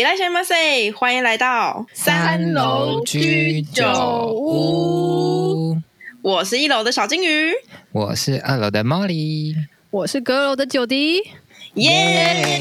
你來先，馬賽！歡迎來到三樓居酒屋。我是一樓的小金魚，我是二樓的 Mori，我是閣樓的久迪。耶！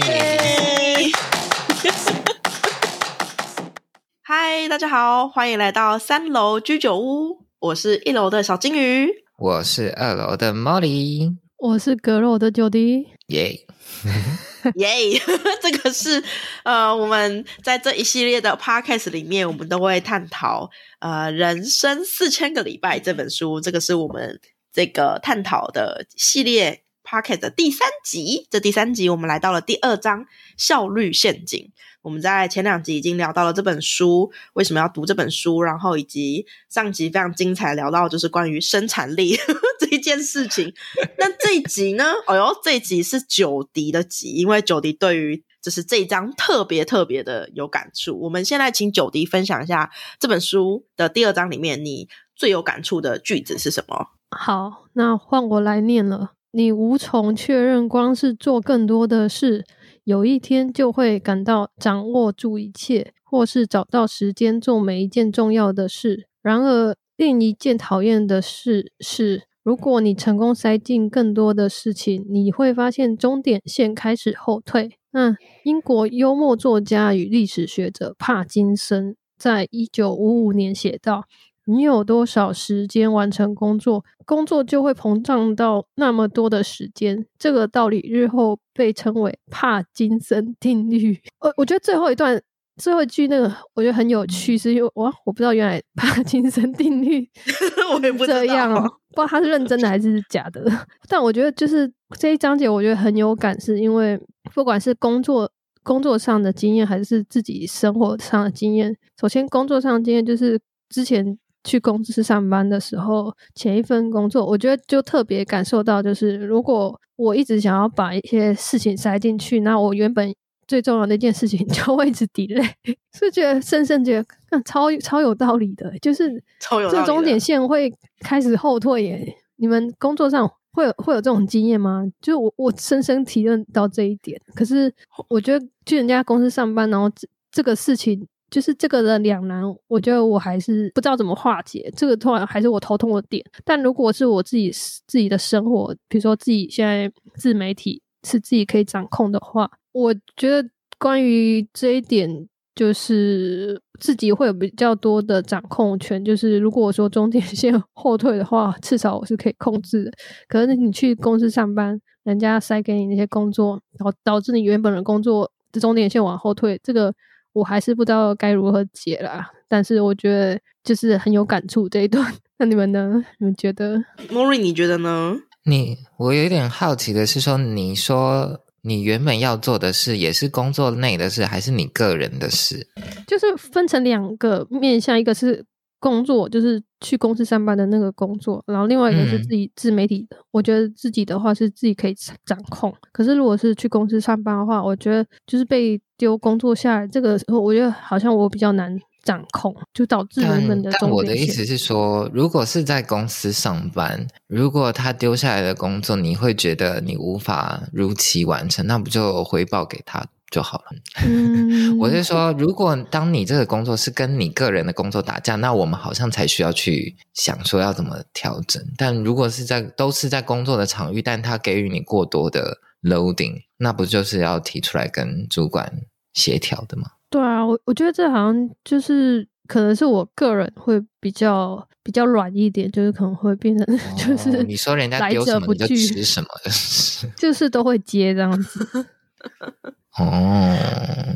嗨，大家好，歡迎來到三樓居酒屋。我是一樓的小金魚，我是二樓的 Mori，我是閣樓的久迪。耶、yeah. 耶、 yeah，這個是呃，我們在這一系列的 podcast 裡面，我們都會探討呃，《人生四千個禮拜》這本書，這個是我們這個探討的系列。Pocket 的第三集，這第三集我們來到了第二章“效率陷阱”。”。我們在前兩集已經聊到了這本書為什麼要讀這本書，然後以及上集非常精彩聊到就是關於生產力呵呵這一件事情。 那這一集呢？哦呦，這一集是久迪的集，因為久迪對於就是這一章特別特別的有感觸。我們現在請久迪分享一下這本書的第二章裡面你最有感觸的句子是什麼？好，那換我來念了。你無從確認，光是做更多的事，有一天就會感到掌握住一切，或是找到時間做每一件重要的事。然而，另一件討厭的事是，如果你成功塞進更多的事情，你會發現終點線開始後退。那、嗯、英國幽默作家與歷史學者帕金森在一九五五年寫道。你有多少時間完成工作，工作就會膨脹到那麼多的時間。這個道理日後被稱為帕金森定律。我我覺得最後一段最後一句那個我覺得很有趣，是因為哇，我不知道原來帕金森定律是這樣啊， 我也不知道啊，不知道他是認真的還是假的。 但我覺得就是這一章節我覺得很有感，是因為不管是工作工作上的經驗，還是自己生活上的經驗。首先，工作上的經驗就是之前。去公司上班的時候，前一份工作，我覺得就特別感受到，就是如果我一直想要把一些事情塞進去，那我原本最重要的一件事情就會一直 delay。是覺得深深覺得，嗯，超超有道理的，就是這終點線會開始後退耶。你們工作上會有會有這種經驗嗎？就我我深深體認到這一點。可是我覺得去人家公司上班，然後這這個事情。就是這個的兩難，我覺得我還是不知道怎麼化解這個，突然還是我頭痛的點。但如果是我自己自己的生活，比如說自己現在自媒體是自己可以掌控的話，我覺得關於這一點，就是自己會有比較多的掌控權。就是如果我說終點線後退的話，至少我是可以控制的。可是你去公司上班，人家塞給你那些工作，然後導致你原本的工作的終點線往後退，這個。我還是不知道該如何解了，但是我覺得就是很有感觸這一段。那你們呢？你們覺得？Mori，你覺得呢？你，我有點好奇的是說，你說你原本要做的事也是工作內的事，還是你個人的事？就是分成兩個面向，一個是工作，就是去公司上班的那個工作，然後另外一個是自己、嗯、自媒體。我覺得自己的話是自己可以掌控，可是如果是去公司上班的話，我覺得就是被。丟工作下來，這個時候我覺得好像我比較難掌控，就導致他們的但。但我的意思是說，如果是在公司上班，如果他丟下來的工作，你會覺得你無法如期完成，那不就回報給他就好了？嗯、 我是說，如果當你這個工作是跟你個人的工作打架，那我們好像才需要去想說要怎麼調整。但如果是在都是在工作的場域，但他給予你過多的 loading，那不就是要提出來跟主管？協調的嗎？對啊，我我覺得這好像就是可能是我個人會比較比較軟一點，就是可能會變成就是、哦、你說人家丟來者不拒，什麼就是就是都會接這樣子。 哦，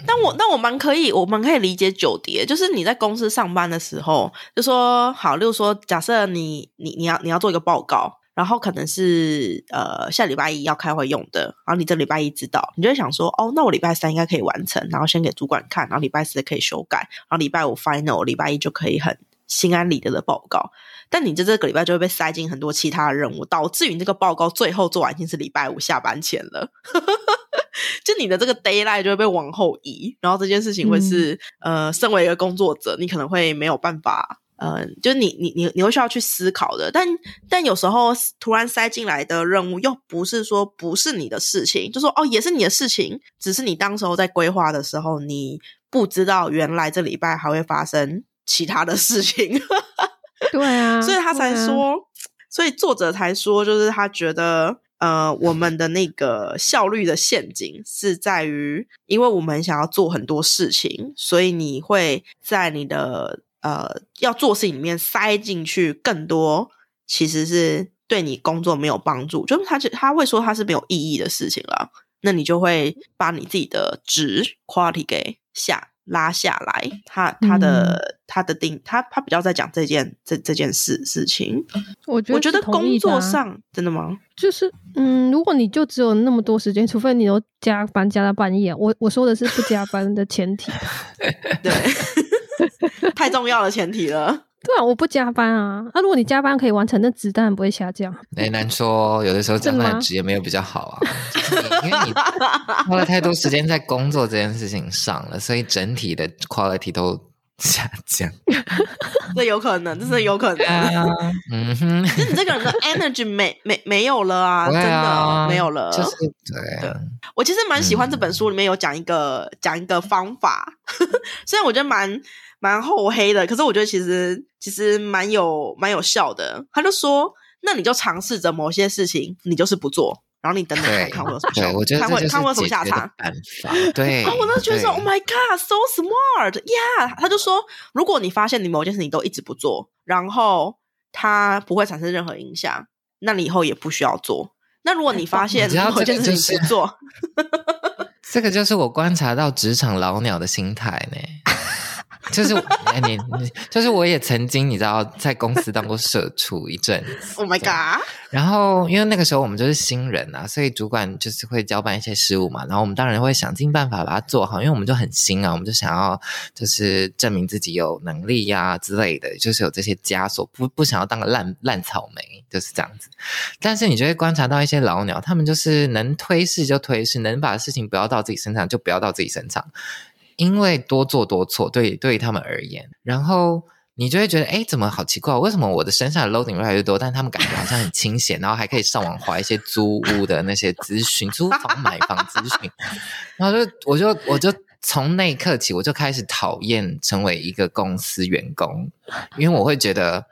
但我但我蠻可以，我們可以理解久迪，就是你在公司上班的時候，就說好，例如說假設你你你要你要做一個報告。然後可能是呃下禮拜一要開會用的，然後你這禮拜一知道，你就會想說哦，那我禮拜三應該可以完成，然後先給主管看，然後禮拜四可以修改，然後禮拜五 final，禮拜一就可以很心安理得的報告。但你這這個禮拜就會被塞進很多其他的任務，導致於你這個報告最後做完已經是禮拜五下班前了， 就你的這個 deadline 就會被往後移，然後這件事情會是、嗯、呃，身為一個工作者，你可能會沒有辦法。嗯、呃，就你你你你會需要去思考的，但但有時候突然塞進來的任務又不是說不是你的事情，就說哦也是你的事情，只是你當時候在規劃的時候，你不知道原來這禮拜還會發生其他的事情。 對啊，所以他才說，啊、所以作者才說，就是他覺得呃，我們的那個效率的陷阱是在於，因為我們想要做很多事情，所以你會在你的。呃，要做事情裡面塞進去更多，其實是對你工作沒有幫助。就是他，他會說他是沒有意義的事情了，那你就會把你自己的值 quality 給下拉下來。他他的、嗯、他的定，他他比較在講這件這這件事事情、欸，我啊。我覺得工作上真的嗎？就是嗯，如果你就只有那麼多時間，除非你都加班加到半夜。我我說的是不加班的前提， 對。 太重要的前提了，對啊，我不加班啊。那、啊、如果你加班可以完成，那子彈不會下降。哎、欸，難說，有的時候漲的資也沒有比較好啊，就是、因為你花了 太多時間在工作這件事情上了，所以整體的 quality 都下降。 這有可能，這是有可能、嗯、啊。嗯哼，就你這個人的 energy 沒沒沒有了啊，啊真的沒有了。就是對，對。我其實蠻喜歡這本書，裡面有講一個、嗯、講一個方法， 雖然我覺得蠻。蠻厚黑的，可是我覺得其實其實蠻有蠻有效的。他就說：“那你就嘗試着某些事情，你就是不做，然後你等等看會有什麼效果，看會，我覺得是看，會看會有什麼下場。”對，然後我就覺得說 Oh my God, so smart 呀、yeah！” 他就說：“如果你發現你某件事情都一直不做，然後它不會產生任何影響，那你以後也不需要做。那如果你發現某件事情不做，哎你這，個啊、 這個就是我觀察到職場老鳥的心態呢。” 就是你，你，你，就是我也曾經，你知道，在公司當過社畜一陣子。Oh my god！然後因為那個時候我們就是新人啊，所以主管就是會交辦一些事務嘛，然後我們當然會想盡辦法把它做好，因為我們就很新啊，我們就想要就是證明自己有能力呀、啊、之類的，就是有這些枷鎖，不不想要當個爛爛草莓，就是這樣子。但是你就會觀察到一些老鳥，他們就是能推事就推事，能把事情不要到自己身上就不要到自己身上。因為多做多錯，對對他們而言，然後你就會覺得，哎，怎麼好奇怪？為什麼我的身上的 loading 越來越多，但他們感覺好像很清閒，然後還可以上網劃一些租屋的那些諮詢、租房、買房諮詢。 然後就，我就，我就從那一刻起，我就開始討厭成為一個公司員工，因為我會覺得。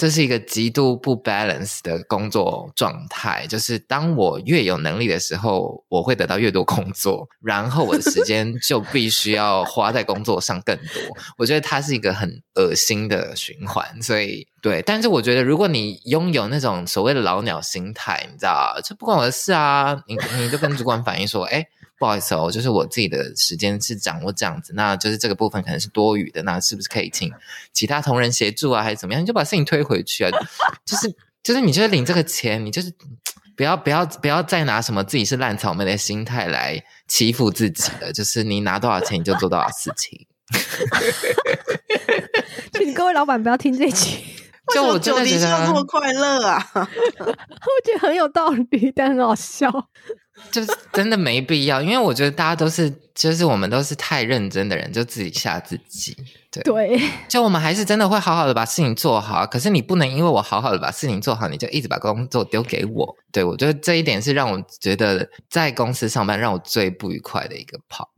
這是一個極度不 balance 的工作狀態，就是當我越有能力的時候，我會得到越多工作，然後我的時間就必須要花在工作上更多。 我覺得它是一個很噁心的循環，所以對。但是我覺得，如果你擁有那種所謂的老鳥心態，你知道，這不關我的事啊，你你就跟主管反映說，哎。不好意思哦，就是我自己的時間是掌握這樣子，那就是這個部分可能是多餘的，那是不是可以請其他同仁協助啊，還是怎麼樣？你就把事情推回去啊， 就是就是你就是領這個錢，你就是不要不要不要再拿什麼自己是爛草莓的心態來欺負自己了，就是你拿多少錢你就做多少事情，請 各位老闆不要聽這集。就我就必須要這麼快樂啊？我覺得很有道理，但很好笑。就是真的沒必要，因為我覺得大家都是，就是我們都是太認真的人，就自己嚇自己。對對，就我們還是真的會好好的把事情做好。可是你不能因為我好好的把事情做好，你就一直把工作丟給我。對，我覺得這一點是讓我覺得在公司上班讓我最不愉快的一個跑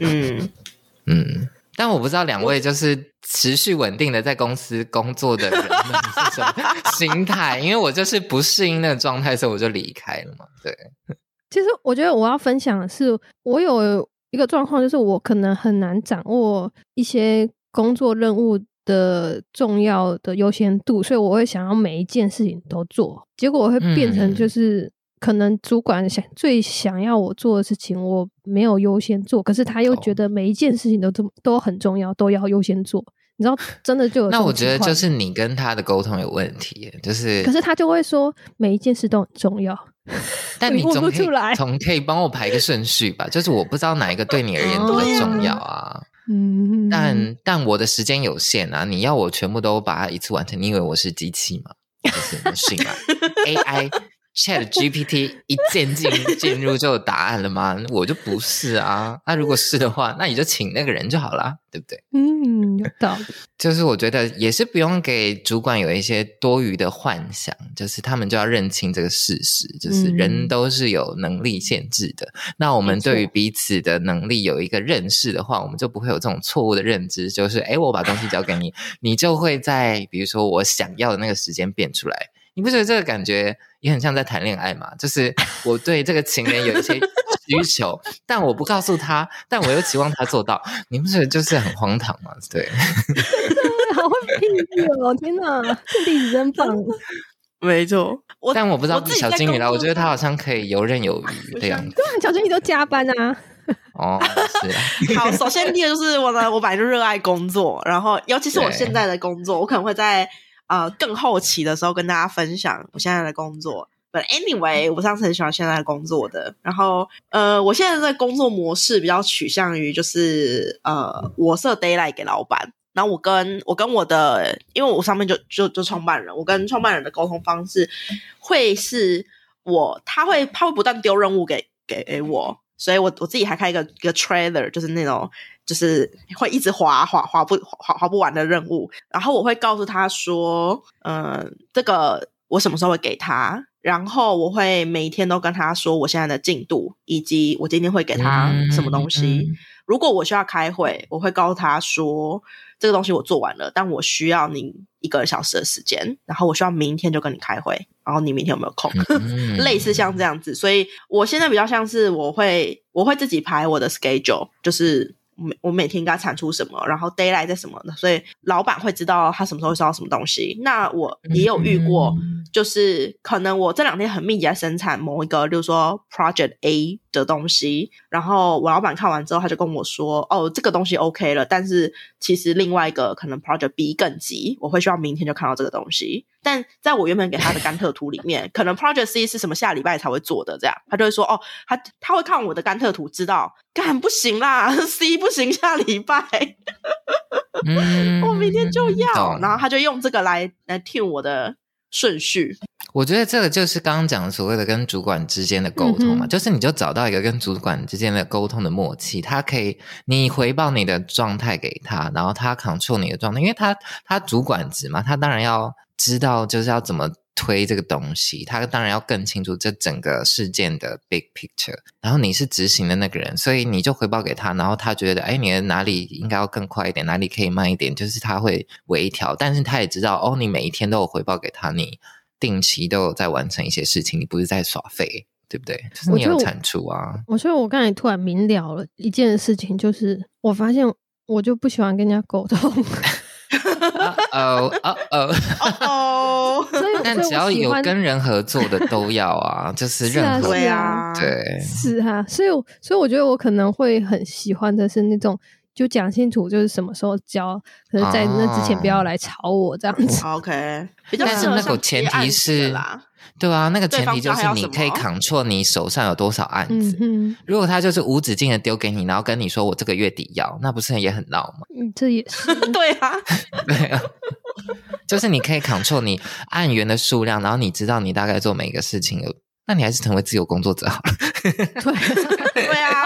嗯 嗯。但我不知道兩位就是持續穩定的在公司工作的人是什麼心態，因為我就是不適應那個狀態，所以我就離開了嘛。對，其實我覺得我要分享的是，我有一個狀況，就是我可能很難掌握一些工作任務的重要的優先度，所以我會想要每一件事情都做，結果我會變成就是。嗯可能主管想最想要我做的事情，我沒有優先做，可是他又覺得每一件事情都這麼都很重要，都要優先做。你知道，真的就有那我覺得就是你跟他的溝通有問題，就是。可是他就會說每一件事都很重要，但你總可以總可以幫我排個順序吧？就是我不知道哪一個對你而言多很重要啊。 嗯，但但我的時間有限啊，你要我全部都把它一次完成？你以為我是機器嗎？是、啊、 ？AI。Chat GPT 一鍵進進入就有答案了嗎？ 我就不是啊。那如果是的話，那你就請那個人就好啦，對不對？嗯，有道理。就是我覺得也是不用給主管有一些多餘的幻想，就是他們就要認清這個事實，就是人都是有能力限制的。嗯、那我們對於彼此的能力有一個認識的話，我們就不會有這種錯誤的認知，就是哎，我把東西交給你， 你就會在比如說我想要的那個時間變出來。你不覺得這個感覺也很像在談戀愛嗎？就是我對這個情人有一些需求， 但我不告訴他，但我又期望他做到。你不覺得就是很荒唐嗎？對，對對對好，的好例子哦！天哪、啊，這例子真棒。啊、沒錯，但我不知道小金魚啦。我，我覺得他好像可以游刃有餘的、啊、樣子。對，小金魚都加班啊。 哦，是、啊、 好，首先第一個就是我的，我本來就熱愛工作，然後尤其是我現在的工作，我可能會在。呃，更後期的時候，跟大家分享我現在的工作。But anyway，我上次很喜歡現在的工作的。然後，呃，我現在的工作模式比較取向於就是，呃，我設 daily 給老闆，然後我跟我跟我的，因為我上面就就就創辦人，我跟創辦人的溝通方式會是我他會他會不斷丟任務給給給我。所以我我自己還開一個一個 trailer，就是那種就是會一直劃劃劃不劃劃不完的任務，然後我會告訴他說，嗯、呃，這個我什麼時候會給他，然後我會每天都跟他說我現在的進度以及我今天會給他什麼東西，嗯嗯。如果我需要開會，我會告訴他說，這個東西我做完了，但我需要你一個小時的時間，然後我需要明天就跟你開會，然後你明天有沒有空？ 類似像這樣子，所以我現在比較像是我會我會自己排我的 schedule，就是。每我每天應該產出什麼，然後 deadline 在什麼的，所以老闆會知道他什麼時候會收到什麼東西。那我也有遇過，就是可能我這兩天很密集在生產某一個，就是說 project A 的東西，然後我老闆看完之後，他就跟我說：“哦，這個東西 OK 了。”但是其實另外一個可能 project B 更急，我會需要明天就看到這個東西。但在我原本給他的甘特圖裡面， 可能 Project C 是什麼下禮拜才會做的這樣，他就會說哦，他他會看我的甘特圖，知道幹不行啦，C 不行，下禮拜、 嗯，我明天就要，嗯嗯，然後他就用這個來來 tune 我的順序。我覺得這個就是剛剛講的所謂的跟主管之間的溝通嘛、嗯，就是你就找到一個跟主管之間的溝通的默契，他可以你回報你的狀態給他，然後他 control 你的狀態，因為他他主管職嘛，他當然要知道就是要怎麼推這個東西，他當然要更清楚這整個事件的 big picture，然後你是執行的那個人，所以你就回報給他，然後他覺得誒、哎、你的哪裡應該要更快一點，哪裡可以慢一點，就是他會微調，但是他也知道哦，你每一天都有回報給他，你。定期都有在完成一些事情，你不是在耍廢，對不對？我就就你有產出啊！我覺得我剛才突然明了了一件事情，就是我發現我就不喜歡跟人家溝通。哦哦哦哦！ uh -oh、 所以，所以只要有跟人合作的都要啊， 就是任何呀、啊啊，對，是哈、啊。所以，所以我覺得我可能會很喜歡的是那種。就講清楚，就是什麼時候交，可是，在那之前不要來吵我這樣子。O、哦、K，但是那個前提是、嗯，對啊，那個前提就是你可以 control 你手上有多少案子。嗯嗯、如果他就是無止境的丟給你，然後跟你說我這個月底要，那不是也很鬧嗎？嗯，這也是、嗯、 對啊，對啊，就是你可以 control 你案源的數量，然後你知道你大概做每一個事情有。那你還是成為自由工作者好了。對，對啊，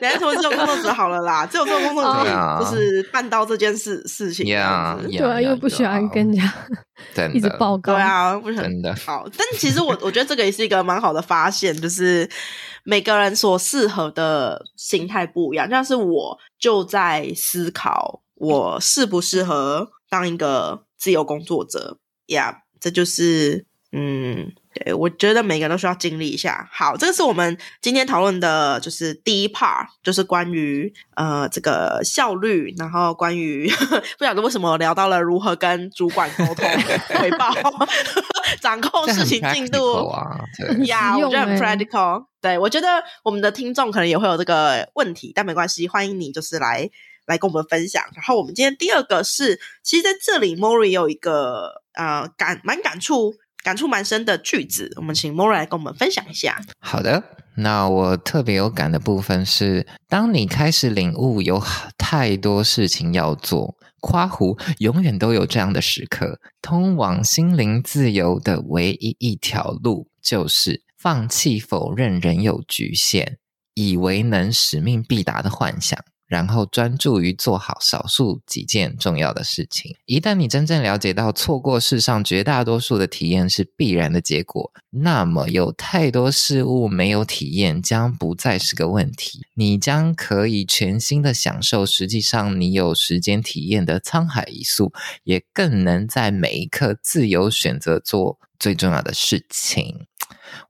你還是成為自由工作者好了啦。自由工作者就是辦到這件事事情。Yeah, yeah, yeah, 對啊，對啊。又不喜歡跟人家一直報告，對啊，不喜歡。好，但其實我我覺得這個也是一個蠻好的發現，就是每個人所適合的心態不一樣。但是我就在思考，我適不適合當一個自由工作者？呀，yeah，這就是嗯。對，我覺得每個人都需要經歷一下。好，這個是我們今天討論的，就是第一 part，就是關於呃這個效率，然後關於呵呵不曉得為什麼聊到了如何跟主管溝通、回報、 對 掌控事情進度啊。對呀，yeah, 我覺得很 practical、欸。對我覺得我們的聽眾可能也會有這個問題，但沒關係，歡迎你就是來來跟我們分享。然後我們今天第二個是，其實在這裡 Mori 有一個呃感蠻感觸。感觸蠻深的句子，我們請 Mori 來跟我們分享一下。好的，那我特別有感的部分是，當你開始領悟有太多事情要做，誇湖永遠都有這樣的時刻。通往心靈自由的唯一一條路，就是放棄否認人有局限，以為能使命必達的幻想。然後專注於做好少數幾件重要的事情。一旦你真正了解到錯過世上絕大多數的體驗是必然的結果，那麽有太多事物沒有體驗將不再是個問題。你將可以全心的享受實際上你有時間體驗的滄海一粟，也更能在每一刻自由選擇做最重要的事情。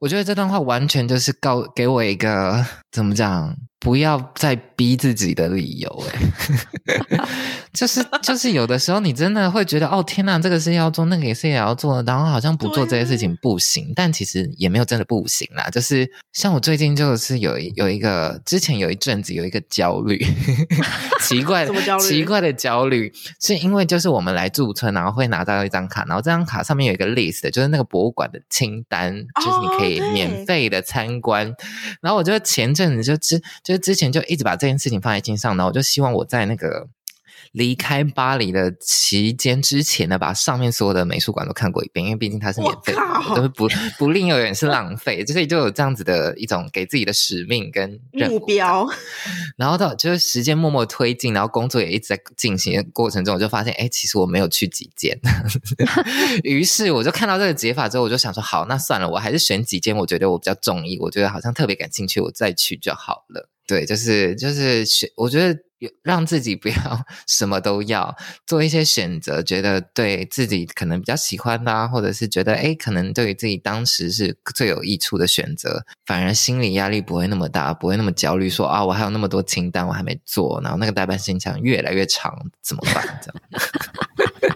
我覺得這段話完全就是告給我一個怎麼講不要再逼自己的理由誒、欸、 就是就是有的時候你真的會覺得哦天吶，這個是要做，那個也是也要做，然後好像不做這些事情不行。但其實也沒有真的不行啦，就是像我最近就是有有一個之前有一陣子有一個焦慮， 奇怪的 奇怪的焦慮，是因為就是我們來駐村，然後會拿到一張卡，然後這張卡上面有一個 list，就是那個博物館的清單，就是你可以免費的參觀。哦、然後我就前陣子就就。就就之前就一直把這件事情放在心上，然後我就希望我在那個離開巴黎的期間之前呢，把上面所有的美術館都看過一遍，因為畢竟它是免費，都是不 不另，又有點是浪費，就所以就有這樣子的一種給自己的使命跟目標。然後到就是時間默默推進，然後工作也一直在進行的過程中，我就發現，哎、欸，其實我沒有去幾間。於 是我就看到這個解法之後，我就想說，好，那算了，我還是選幾間我覺得我比較中意，我覺得好像特別感興趣，我再去就好了。對，就是就是選，我覺得讓自己不要什麼都要，做一些選擇，覺得對自己可能比較喜歡的啊，或者是覺得誒可能對於自己當時是最有益處的選擇，反而心理壓力不會那麼大，不會那麼焦慮說，說啊，我還有那麼多清單我還沒做，然後那個待辦事項越來越長，怎麼辦？這樣。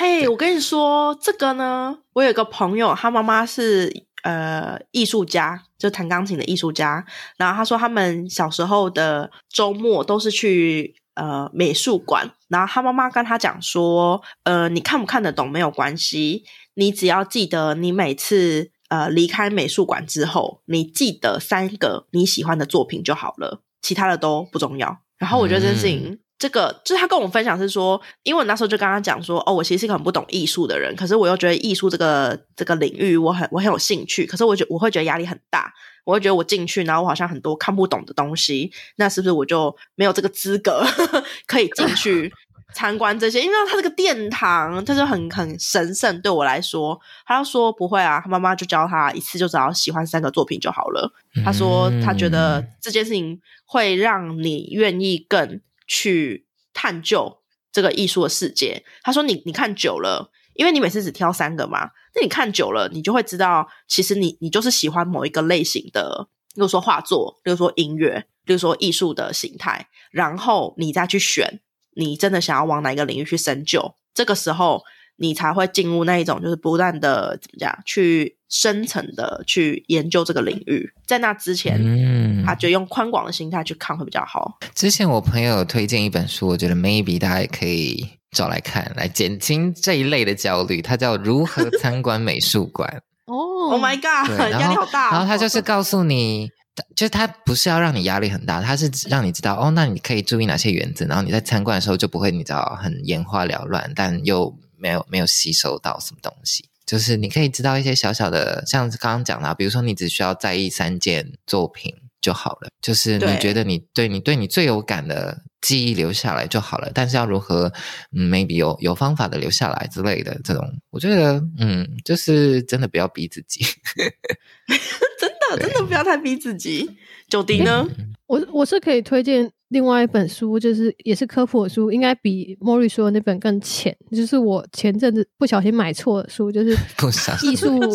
哎 ，hey, 我跟你說這個呢，我有個朋友，他媽媽是。呃，藝術家就彈鋼琴的藝術家，然後他說他們小時候的周末都是去呃美術館，然後他媽媽跟他講說，呃，你看不看得懂沒有關係，你只要記得你每次呃離開美術館之後，你記得三個你喜歡的作品就好了，其他的都不重要。然後我覺得這件事情。嗯這個就是他跟我分享是說，因為我那時候就跟他講說，哦，我其實是個很不懂藝術的人，可是我又覺得藝術這個這個領域我很我很有興趣，可是我覺得我會覺得壓力很大，我會覺得我進去，然後我好像很多看不懂的東西，那是不是我就沒有這個資格 可以進去參觀這些？ 因為他這個殿堂，他就很很神聖，對我來說，他就說不會啊，他媽媽就教他一次就只要喜歡三個作品就好了。他說他覺得這件事情會讓你願意更。去探究這個藝術的世界。他說你：“你你看久了，因為你每次只挑三個嘛，那你看久了，你就會知道，其實你你就是喜歡某一個類型的，比如說畫作，比如說音樂，比如說藝術的形態，然後你再去選你真的想要往哪一個領域去深究。這個時候。”你才會進入那一種，就是不斷的怎麼講，去深層的去研究這個領域。在那之前，嗯，他覺得用寬廣的心態去看會比較好。之前我朋友推薦一本書，我覺得 maybe 大家也可以找來看，來減輕這一類的焦慮。它叫《如何參觀美術館》。哦 oh，Oh my god，壓力好大哦。然後他就是告訴你，就是他不是要讓你壓力很大，他是讓你知道哦，那你可以注意哪些原則，然後你在參觀的時候就不會，你知道，很眼花繚亂，但又。沒有沒有吸收到什麼東西，就是你可以知道一些小小的，像剛剛講的啊，比如說你只需要在意三件作品就好了，就是你覺得你對你對，對你最有感的記憶留下來就好了。但是要如何，嗯，maybe 有有方法的留下來之類的這種，我覺得嗯，就是真的不要逼自己。 真的不要太逼自己。久迪呢？我、欸、我是可以推薦另外一本書，就是也是科普的書，應該比 Mori 說的那本更淺。就是我前陣子不小心買錯的書，就是藝術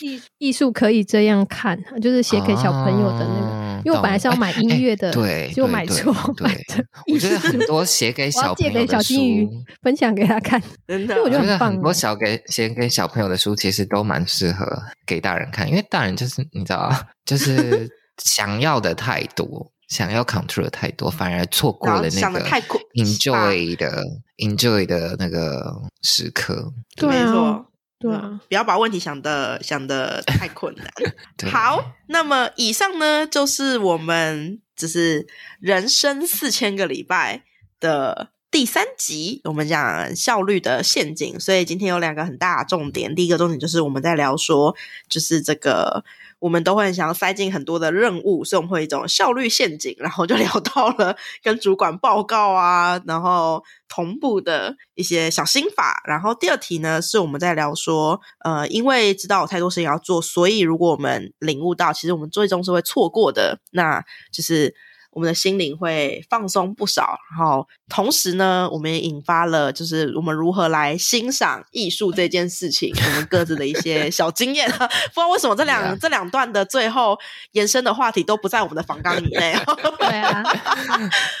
藝藝術可以這樣看，就是寫給小朋友的那個。啊因為我本來是要買音樂的，就買錯買的。我覺得很多寫給小朋友的書，我給小金魚分享給他看，真的，我覺得很多小給寫給小朋友的書，其實都蠻適合給大人看，因為大人就是你知道啊，就是想要的太多， 想要 control 的太多，反而錯過了那個太過 enjoy 的、啊、enjoy 的那個時刻。對，啊，對對啊，不要把問題想的，想的太困難。 好，那麼以上呢，就是我們就是人生四千個禮拜的第三集，我們講效率的陷阱。所以今天有兩個很大重點，第一個重點就是我們在聊說，就是這個。我們都會很想要塞進很多的任務，所以我們會一種效率陷阱。然後就聊到了跟主管報告啊，然後同步的一些小心法。然後第二題呢是我們在聊說，呃，因為知道有太多事情要做，所以如果我們領悟到，其實我們最終是會錯過的，那就是。我們的心靈會放鬆不少，然後同時呢，我們也引發了就是我們如何來欣賞藝術這件事情， 我們各自的一些小經驗。 不知道為什麼這兩、yeah. 這兩段的最後延伸的話題都不在我們的訪綱以內。對啊，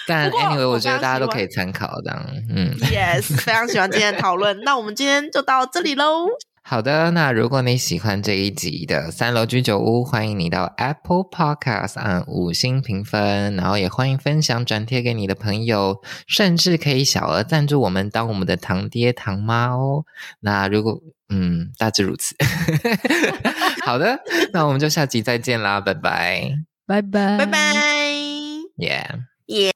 但 Anyway，我覺得大家都可以參考這樣。嗯，Yes，非常喜歡今天的討論。 那我們今天就到這裡嘍。好的，那如果你喜歡這一集的三樓居酒屋，歡迎你到 Apple Podcast 按五星評分，然後也歡迎分享轉貼給你的朋友，甚至可以小額贊助我們當我們的堂爹堂媽哦。那如果嗯，大致如此。 好的，那我們就下集再見啦，拜拜，拜拜，拜拜，耶耶。